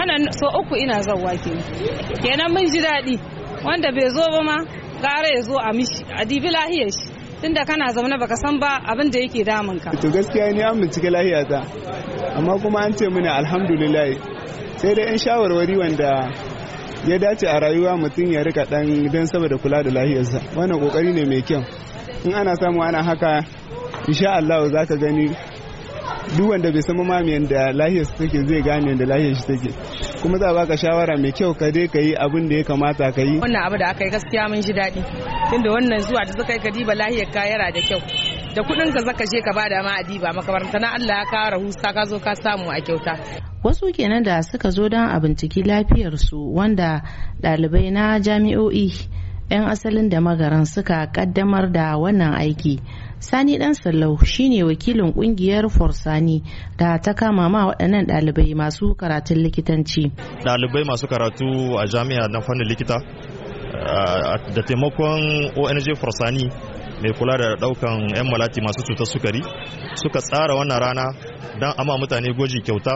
wannan so uku ina zauwa ke kenan mun ji daɗi wanda bai zo ba ma gara ya zo a mishi a dibi lahiyar shi tunda kana zaune baka san ba abin da yake damun ka to gaskiya ni an bincike lahiyata amma kuma an ce mini alhamdulillah sai dai in shawarwari wanda ya dace a rayuwa mutum ya rika dan dan saboda kula da lahiyarsa wannan kokari ne mai kyau in ana samu ana haka insha Allah za ka gani duk wanda bai san mamayen da lahiyar su take zai gane da lahiyar shi take kuma za a baka shawara mai kyau ka dai ka yi abin da ya kamata ka yi wannan abu da aka yi gaskiya mun ji daɗi tunda wannan zuwa da suka yi ka diba lahiyar ka yara da kyau da kuɗin ka zaka je ka bada ma adiba makaranta na Allah ya kawo rahusa ka zo ka samu a kyauta wasu kenan da suka zo don a binciki lafiyarsu wanda ɗalibai na jami'o'i 'yan asalin da magaran suka kaddamar da wannan aiki sani dan sallau shine wakilin kungiyar forsani da ta kama ma waɗannan ɗalibai masu karatun likitanci ɗalibai masu karatu a jami'a na fannin likita da taimakon ong forsani mai kula da daukan 'yan malati masu cutar sukari suka tsara wannan rana don ama mutane goji kyauta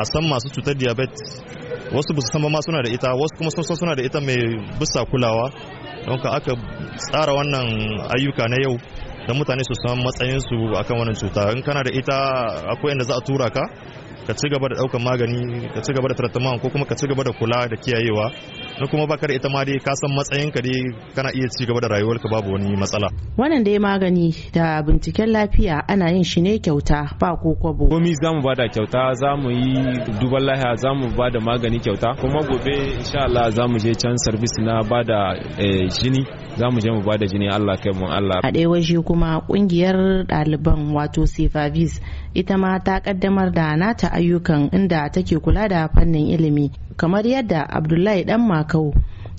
a san masu cutar diabetes wasu bisa san ba suna da ita wasu kuma sun suna da ita mai bisa kulawa don ka aka tsara wannan ayyuka na yau don mutane su san su akan wannan cuta in kana da ita akwai inda za a tura ka ka ci gaba da daukan magani ka ci gaba da tartaman ko kuma ka ci gaba da kula da kiyayewa na kuma baka da ita ma dai ka san ka dai kana iya ci gaba da rayuwarka babu wani matsala wannan dai magani da binciken lafiya ana yin shi ne kyauta ba ko kwabo komi zamu bada kyauta zamu yi duban lafiya zamu bada magani kyauta kuma gobe insha Allah zamu je can service na bada eh, jini zamu je mu bada jini Allah kai mu Allah a dai waje kuma kungiyar ɗaliban wato Sefavis ita ma ta kaddamar da nata ta ayyukan inda take kula da fannin ilimi kamar yadda abdullahi dan makau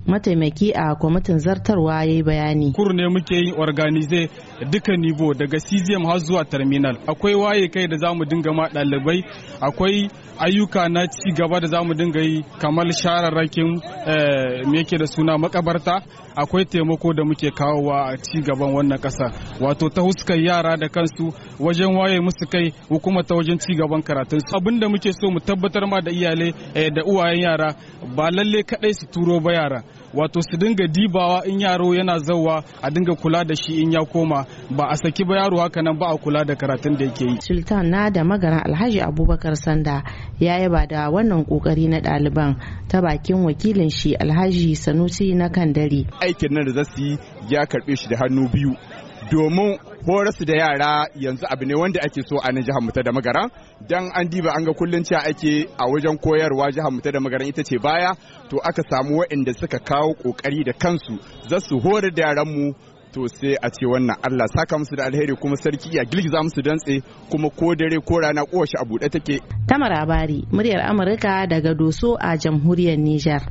mataimaki a kwamitin zartarwa ya yi bayani kur ne muke yin organize duka nivo daga cgm har zuwa terminal akwai waye kai da zamu dinga ma dalibai akwai ayyuka na ci gaba da zamu dinga yi kamar shararrakin eh, me yake da suna makabarta akwai taimako da muke kawo a ci gaban wannan kasa wato ta huskar yara da kansu wajen waye musu kai ko ta wajen ci gaban karatunsu abin da muke so mu tabbatar ma da iyale eh, da uwayen yara ba lalle kadai su turo ba yara wato su dinga dibawa in yaro yana zauwa a dinga kula da shi in ya koma ba a saki ba yaro haka nan ba a kula da karatun da yake yi sultan na da magaran alhaji abubakar sanda ya yaba da wannan kokari na ɗaliban ta bakin wakilin shi alhaji sanusi na kan kandari aikin nan da zasu yi ya karbe shi da hannu biyu domin horasu da yara yanzu abu ne wanda ake so a nan jihar ta da Magara dan an diba an ga kullun cewa ake a wajen koyarwa jihar ta da Magara ita ce baya to aka samu waɗanda suka kawo kokari da kansu za su horar da yaran mu to sai a ce wannan Allah saka musu da alheri kuma sarki ya girgiza musu dantse kuma ko dare ko rana kowace a buɗe take. Tamara Bari, muryar Amurka daga Doso a jamhuriyar Niger.